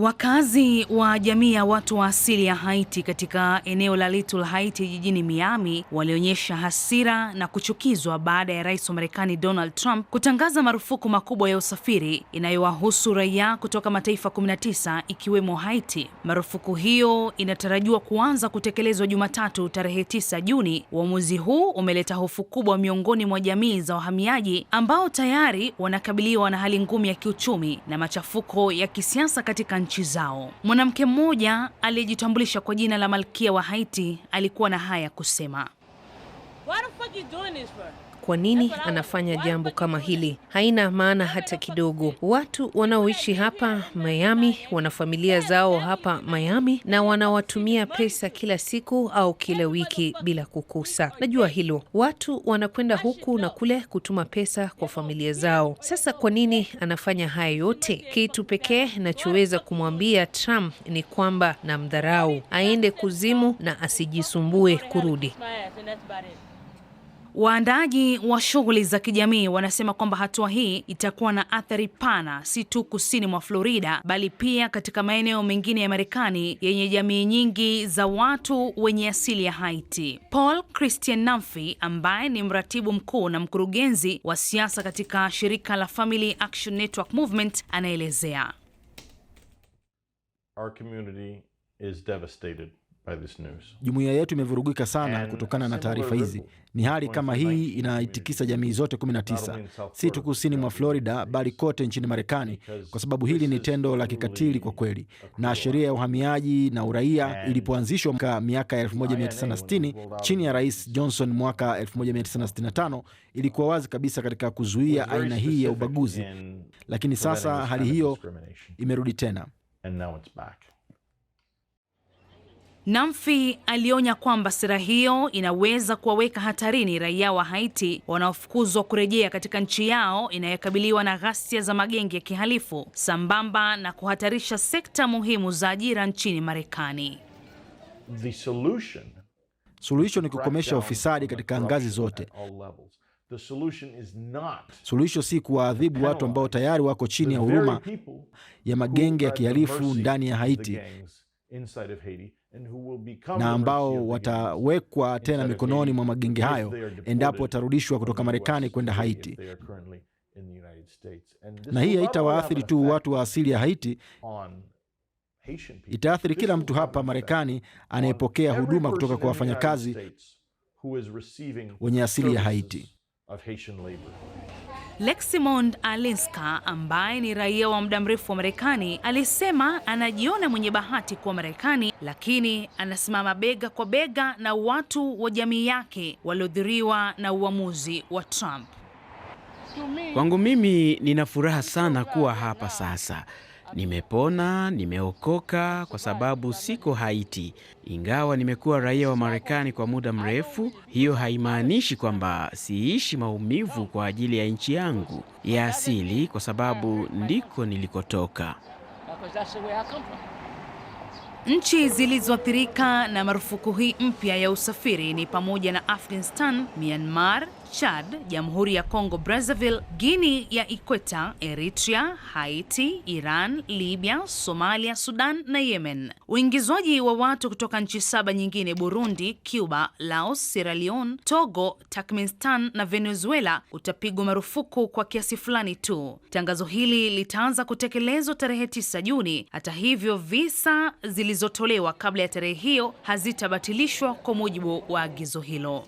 Wakazi wa jamii ya watu wa asili ya Haiti katika eneo la Little Haiti jijini Miami walionyesha hasira na kuchukizwa baada ya Rais wa Marekani Donald Trump kutangaza marufuku makubwa ya usafiri inayowahusu raia kutoka mataifa 19 ikiwemo Haiti. Marufuku hiyo inatarajiwa kuanza kutekelezwa Jumatatu tarehe 9 Juni. Uamuzi huu umeleta hofu kubwa miongoni mwa jamii za wahamiaji ambao tayari wanakabiliwa na hali ngumu ya kiuchumi na machafuko ya kisiasa katika nchi zao. Mwanamke mmoja aliyejitambulisha kwa jina la Malkia wa Haiti alikuwa na haya kusema. What the fuck you doing this for? kwa nini anafanya jambo kama hili. Haina maana hata kidogo. Watu wanaoishi hapa Miami wana familia zao hapa Miami na wanawatumia pesa kila siku au kila wiki bila kukosa. Najua hilo. Watu wanakwenda huku na kule kutuma pesa kwa familia zao. Sasa kwa nini anafanya haya yote? Kitu pekee nachoweza kumwambia Trump ni kwamba na mdharau aende kuzimu na asijisumbue kurudi. Waandaaji wa shughuli za kijamii wanasema kwamba hatua hii itakuwa na athari pana, si tu kusini mwa Florida, bali pia katika maeneo mengine ya Marekani yenye jamii nyingi za watu wenye asili ya Haiti. Paul Christian Namfi ambaye ni mratibu mkuu na mkurugenzi wa siasa katika shirika la Family Action Network Movement anaelezea. Our community is devastated. Jumuiya yetu imevurugika sana kutokana na taarifa hizi. Ni hali kama hii inaitikisa jamii zote 19, si tu kusini mwa Florida bali kote nchini Marekani, kwa sababu hili ni tendo la kikatili kwa kweli. Na sheria ya uhamiaji na uraia ilipoanzishwa miaka 1960 chini ya Rais Johnson mwaka 1965, ilikuwa wazi kabisa katika kuzuia aina hii ya ubaguzi, lakini sasa hali hiyo imerudi tena. Namfi alionya kwamba sera hiyo inaweza kuwaweka hatarini raia wa Haiti wanaofukuzwa kurejea katika nchi yao inayokabiliwa na ghasia za magenge ya kihalifu sambamba na kuhatarisha sekta muhimu za ajira nchini Marekani. Suluhisho ni kukomesha ufisadi katika ngazi zote. Suluhisho si kuwaadhibu watu ambao tayari wako chini ya huruma ya magenge ya kihalifu ndani ya Haiti na ambao watawekwa tena mikononi mwa magenge hayo endapo watarudishwa kutoka Marekani kwenda Haiti. Na hii haitawaathiri tu watu wa asili ya Haiti, itaathiri kila mtu hapa Marekani anayepokea huduma kutoka kwa wafanyakazi wenye asili ya Haiti. Leximond Alinska ambaye ni raia wa muda mrefu wa Marekani alisema anajiona mwenye bahati kuwa Marekani, lakini anasimama bega kwa bega na watu wa jamii yake waliodhiriwa na uamuzi wa Trump. Kwangu mimi nina furaha sana kuwa hapa sasa. Nimepona, nimeokoka kwa sababu siko Haiti. Ingawa nimekuwa raia wa Marekani kwa muda mrefu, hiyo haimaanishi kwamba siishi maumivu kwa ajili ya nchi yangu ya asili, kwa sababu ndiko nilikotoka. Nchi zilizoathirika na marufuku hii mpya ya usafiri ni pamoja na Afghanistan, Myanmar, Chad, Jamhuri ya Kongo Brazzaville, Guinea ya Ikweta, Eritrea, Haiti, Iran, Libya, Somalia, Sudan na Yemen. Uingizwaji wa watu kutoka nchi saba nyingine Burundi, Cuba, Laos, Sierra Leone, Togo, Turkmenistan na Venezuela utapigwa marufuku kwa kiasi fulani tu. Tangazo hili litaanza kutekelezwa tarehe 9 Juni. Hata hivyo, visa zilizotolewa kabla ya tarehe hiyo hazitabatilishwa kwa mujibu wa agizo hilo.